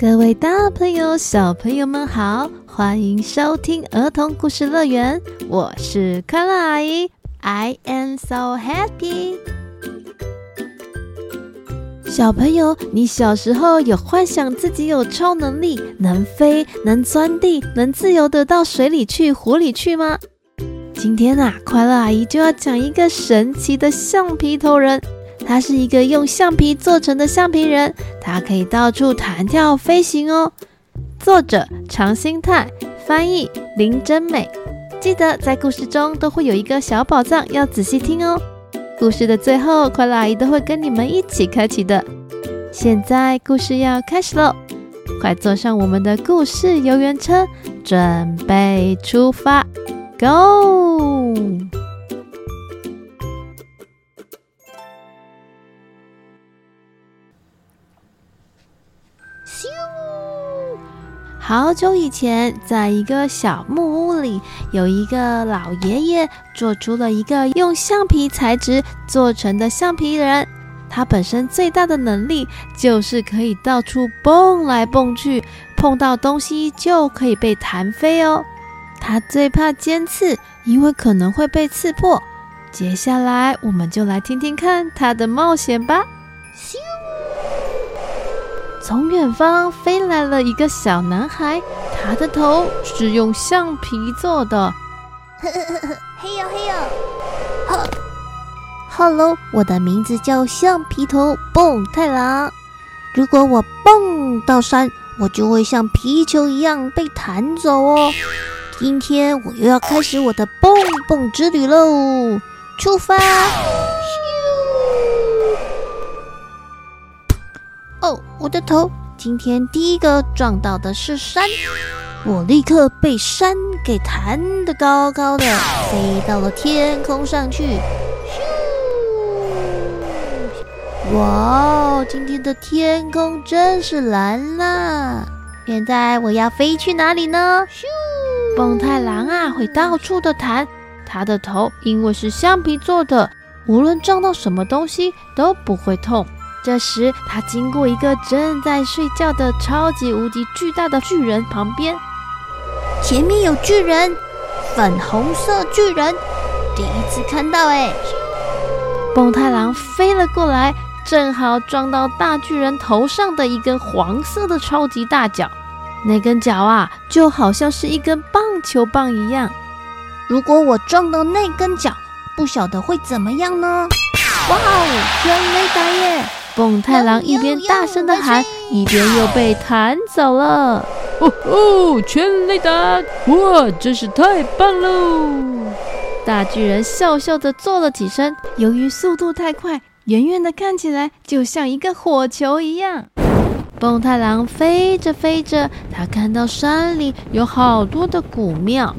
各位大朋友、小朋友們好，歡迎收聽兒童故事樂園，我是快樂阿姨，I am so happy。小朋友，你小時候有幻想自己有超能力，能飛，能鑽地，能自由地到水裡去、湖裡去嗎？今天啊，快樂阿姨就要講一個神奇的橡皮頭人。他是一個用橡皮做成的橡皮人，他可以到處彈跳飛行哦。作者長新太，翻譯林真美。記得在故事中都會有一個小寶藏，要仔細聽哦。故事的最後，快樂阿姨都會跟你們一起開啟的。現在故事要開始嘍，快坐上我們的故事遊園車，準備出發，Go！好久以前，在一個小木屋裡，有一個老爺爺做出了一個用橡皮材質做成的橡皮人。他本身最大的能力就是可以到處蹦來蹦去，碰到東西就可以被彈飛哦。他最怕尖刺，因為可能會被刺破。接下來，我們就來聽聽看他的冒險吧。從遠方飛來了一個小男孩，他的頭是用橡皮做的。嘿呦嘿呦，哈，Hello，我的名字叫橡皮頭蹦太郎。如果我蹦到山，我就會像皮球一樣被彈走哦。今天我又要開始我的蹦蹦之旅嘍，出發！我的頭今天第一個撞到的是山，我立刻被山給彈得高高的，飛到了天空上去。咻！哇哦，今天的天空真是藍啦。現在我要飛去哪裡呢？咻！蹦太郎啊，會到處的彈。他的頭因為是橡皮做的，無論撞到什麼東西都不會痛。這時，他經過一個正在睡覺的超級無敵巨大的巨人旁邊，前面有巨人，粉紅色巨人，第一次看到誒，蹦太郎飛了過來，正好撞到大巨人頭上的一根黃色的超級大腳，那根腳啊，就好像是一根棒球棒一樣。如果我撞到那根腳，不曉得會怎麼樣呢？哇哦，全壘打耶。蹦太郎一邊大聲的喊，喲喲喲，一邊又被彈走了。哦哦，全雷達！哇，真是太棒了！大巨人笑笑地坐了起身，由於速度太快，遠遠地看起來就像一個火球一樣。蹦太郎飛着飛着，他看到山裡有好多的古廟，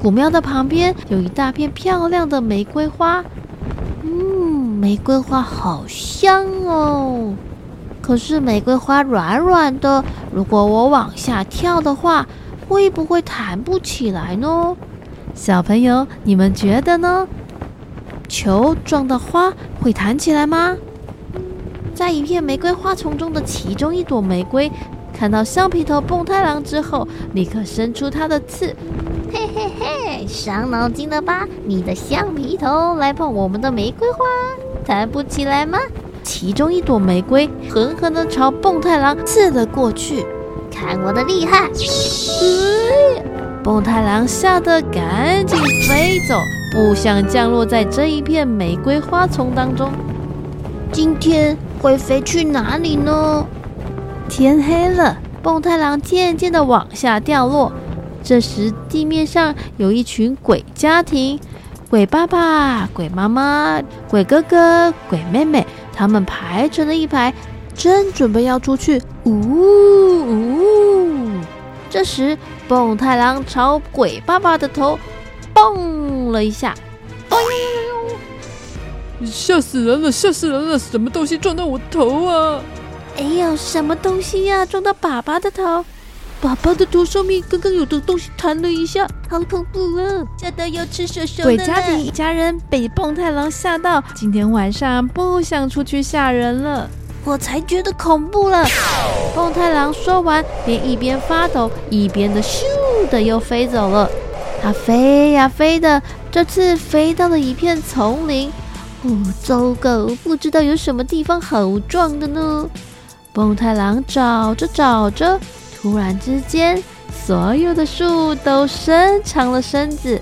古廟的旁邊有一大片漂亮的玫瑰花。玫瑰花好香哦，可是玫瑰花軟軟的，如果我往下跳的話，會不會彈不起來呢？小朋友，你們覺得呢？球撞到花會彈起來嗎？在一片玫瑰花叢中的其中一朵玫瑰，看到橡皮頭蹦太郎之後，立刻伸出它的刺。嘿嘿嘿，傷腦筋了吧？你的橡皮頭來碰我們的玫瑰花。抬不起來嗎？其中一朵玫瑰狠狠地朝蹦太郎刺了過去，看我的厲害！哎！蹦太郎嚇得趕緊飛走，不想降落在這一片玫瑰花叢當中。今天會飛去哪裡呢？天黑了，蹦太郎漸漸地往下掉落。這時，地面上有一群鬼家庭。鬼爸爸、鬼媽媽、鬼哥哥、鬼妹妹，他們排成了一排，正準備要出去。嗚、哦、嗚、哦！這時，蹦太郎朝鬼爸爸的頭蹦了一下，哎呦！嚇死人了，嚇死人了！什麼東西撞到我頭啊？哎呦，什麼東西呀、啊？撞到爸爸的頭。爸爸的頭上面剛剛有的東西彈了一下，好恐怖啊！嚇得要吃蛇蛇呢。鬼家裡一家人被蹦太郎嚇到，今天晚上不想出去嚇人了。我才覺得恐怖了。蹦太郎說完，便一邊發抖，一邊的咻的又飛走了。他飛呀、啊、飛的，這次飛到了一片叢林。哦，糟糕，不知道有什麼地方好撞的呢。蹦太郎找着找着。突然之間，所有的樹都伸長了身子，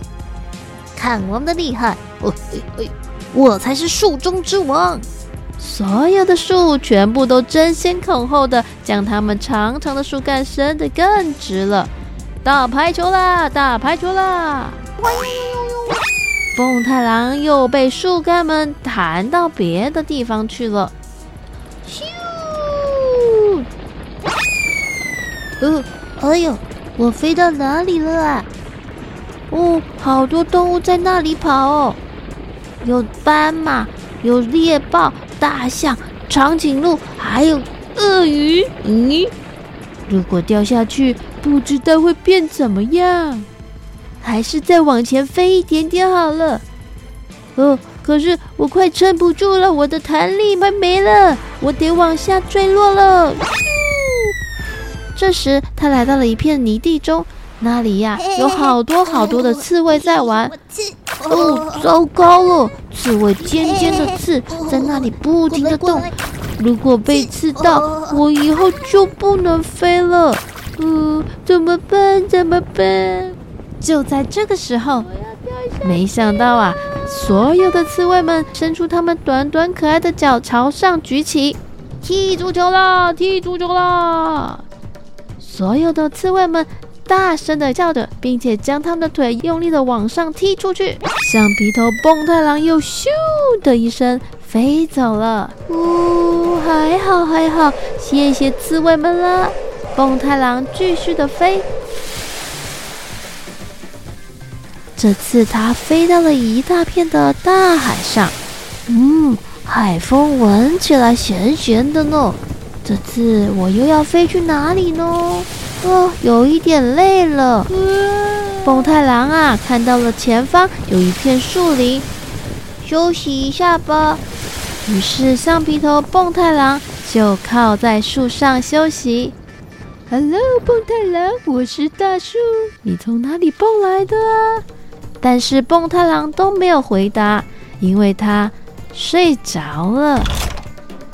看我們的厲害！我、哦、我、哎哎、我才是樹中之王！所有的樹全部都爭先恐後的將它們長長的樹幹伸得更直了。打排球啦！打排球啦！哇喲喲喲！蹦太郎又被樹幹們彈到別的地方去了。呃，哎呦，我飛到哪裡了啊？哦，好多動物在那裡跑，哦，有斑馬，有獵豹，大象，長頸鹿，還有鱷魚。咦、嗯，如果掉下去，不知道會變怎麼樣？還是再往前飛一點點好了。哦、呃，可是我快撐不住了，我的彈力快沒了，我得往下墜落了。這時，他來到了一片泥地中，那裡呀、啊、有好多好多的刺蝟在玩。哦，糟糕了！刺蝟尖尖的刺在那裡不停地動，如果被刺到，我以後就不能飛了。嗯，怎麼辦？怎麼辦？就在這個時候，沒想到啊，所有的刺蝟們伸出它們短短可愛的腳朝上舉起，踢足球啦！踢足球啦！所有的刺蝟們大聲的叫着，並且將他們的腿用力的往上踢出去。橡皮頭蹦太郎又咻的一聲飛走了。嗚、哦，還好還好，謝謝刺蝟們了。蹦太郎繼續的飛，這次他飛到了一大片的大海上。嗯，海風聞起來鹹鹹的呢。這次我又要飛去哪裡呢？哦，有一點累了。哇，蹦太郎啊，看到了前方有一片樹林，休息一下吧。於是橡皮頭蹦太郎就靠在樹上休息。Hello，蹦太郎，我是大樹，你從哪裡蹦來的啊？但是蹦太郎都沒有回答，因為他睡着了。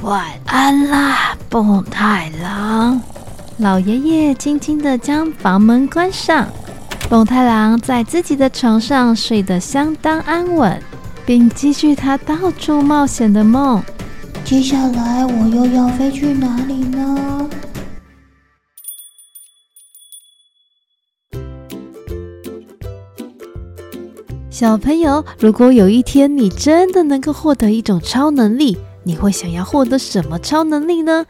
晚安啦，蹦太郎！老爺爺輕輕地將房門關上。蹦太郎在自己的床上睡得相當安穩，並繼續他到處冒險的夢。接下來我又要飛去哪裡呢？小朋友，如果有一天你真的能夠獲得一種超能力，你會想要獲得什麼超能力呢？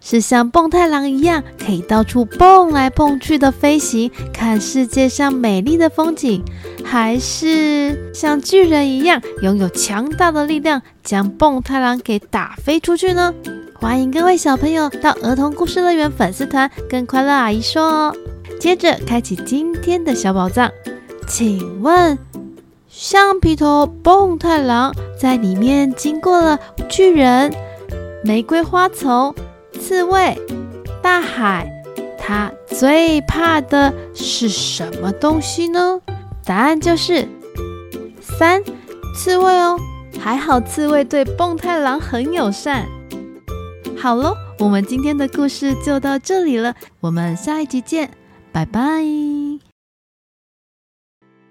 是像蹦太郎一樣可以到處蹦來蹦去的飛行，看世界上美麗的風景，還是像巨人一樣擁有強大的力量，將蹦太郎給打飛出去呢？歡迎各位小朋友到兒童故事樂園粉絲團跟快樂阿姨說哦。接着開啟今天的小寶藏，請問。橡皮頭蹦太郎在裡面經過了巨人、玫瑰花叢、刺蝟、大海，他最怕的是什麼東西呢？答案就是三刺蝟哦。還好刺蝟對蹦太郎很友善。好嘍，我們今天的故事就到這裡了，我們下一集見，拜拜。